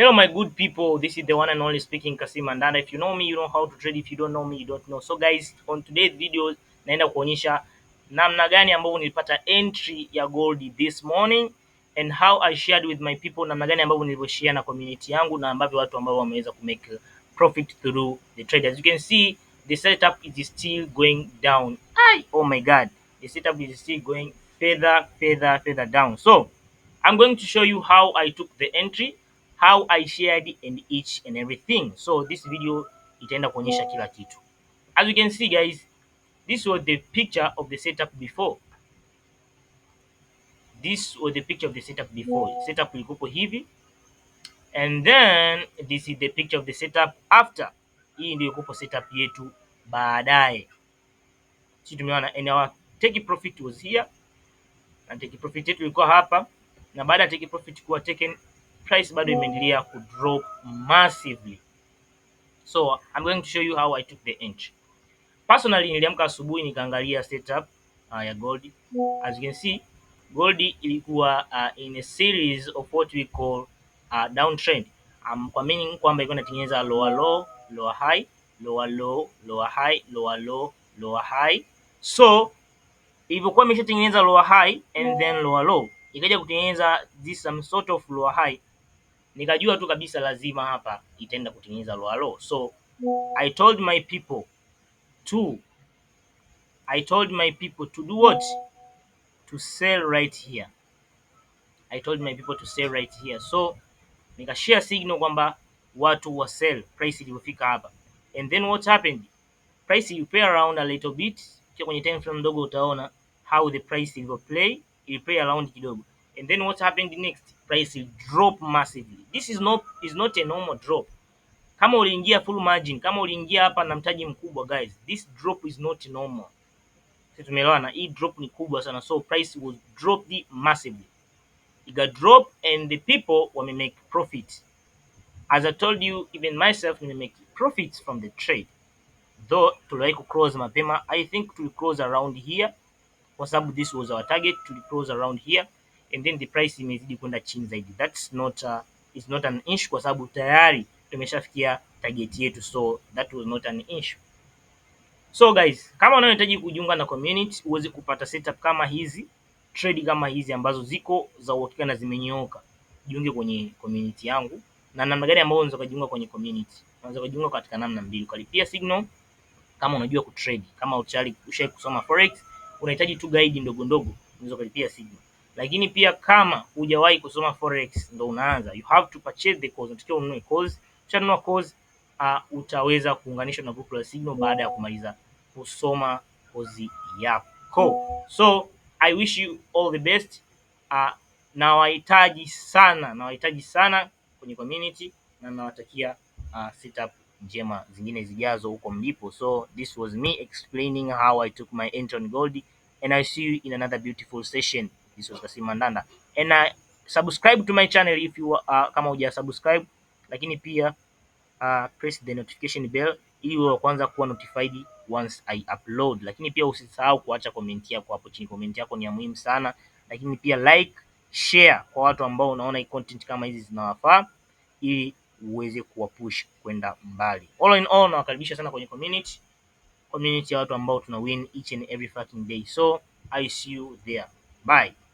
Hello, my good people. This is the one and only speaking Kasim Mandanda. If you know me, you know how to trade. If you don't know me, you don't know. So guys, on today's video naenda kuonyesha namna gani ambavyo nilipata entry ya gold this morning and how I shared with my people, namna gani ambavyo nilivyoshare na community yangu na ambavyo watu ambao wameweza ku make profit through the trade. As you can see, the setup is still going down. Ay, oh my god. The setup is still going further, further, further down. So, I'm going to show you how I took the entry how I shared and each and everything. So this video itaenda kuonyesha kila kitu. As you can see guys, this was the picture of the setup before. This was the picture of the setup before. Setup ilikuwa hivi. And then this is the picture of the setup after. Hii ndio ilikuwa setup yetu baadaye. Sisi tumeona and our take profit was here. Na take profit yetu ilikuwa hapa na baada ya take profit kuwa taken price bado imeendelea ku drop massively. So I'm going to show you how I took the inch. Personally niliamka asubuhi nikaangalia setup uh, ya gold. As you can see gold ilikuwa uh, in a series of what we call uh, downtrend. Um, kwa meaning kwamba ilikuwa inatengeneza lower low, lower high, lower low, lower high, lower low, lower high. So ilivyokuwa imeshatengeneza lower high and then lower low, ikaja kutengeneza this some um, sort of lower high nikajua tu kabisa lazima hapa itaenda kutengeneza lwalo. So I told my people to I told my people to do what? To sell right here. I told my people to sell right here. So nikashare signal kwamba watu wa sell, price iliyofika hapa. And then what happened? Price you play around a little bit. Kia kwenye time frame ndogo utaona how the price ilivyo play, ilipay around kidogo. And then what happened next? price will drop massively. This is not, is not a normal drop. Kama uliingia full margin, kama uliingia hapa na mtaji mkubwa guys, this drop is not normal. Sisi tumeelewana, hii drop ni kubwa sana, so price was dropped massively, iga drop and the people wame make profit. As I told you, even myself nime make profits from the trade though tuliwahi ku close mapema. I think tuli close around here kwa sababu this was our target, tuli close around here and then the price imezidi kwenda chini zaidi. That's not a, uh, it's not an issue kwa sababu tayari tumeshafikia target yetu, so that was not an issue. So guys, kama unahitaji kujiunga na community uweze kupata setup kama hizi, trade kama hizi ambazo ziko za uhakika na zimenyooka, jiunge kwenye community yangu. Na namna gani ambayo unaweza kujiunga kwenye community? Unaweza kujiunga katika namna mbili, ukalipia signal kama unajua kutrade, kama ushai kusoma forex, unahitaji tu guide ndogo ndogo, unaweza kulipia signal lakini pia kama hujawahi kusoma forex ndo unaanza, you have to purchase the course, unatakiwa ununue course. Ukishanunua course uh, utaweza kuunganishwa na group la Signal baada ya kumaliza kusoma course yako. So I wish you all the best. Uh, nawahitaji sana, nawahitaji sana kwenye community na nawatakia uh, setup njema zingine zijazo huko mlipo. So this was me explaining how I took my entry on gold and I see you in another beautiful session. Jesus Kasimandanda. And uh, subscribe to my channel if you uh, kama uja subscribe, lakini pia uh, press the notification bell ili uwe kwanza kuwa notified once I upload. Lakini pia usisahau kuacha comment yako hapo chini. Comment yako ni ya muhimu sana, lakini pia like, share kwa watu ambao unaona hii content kama hizi zinawafaa ili uweze kuwapush kwenda mbali. All in all, nawakaribisha sana kwenye community community ya watu ambao tuna win each and every fucking day. So I see you there. Bye.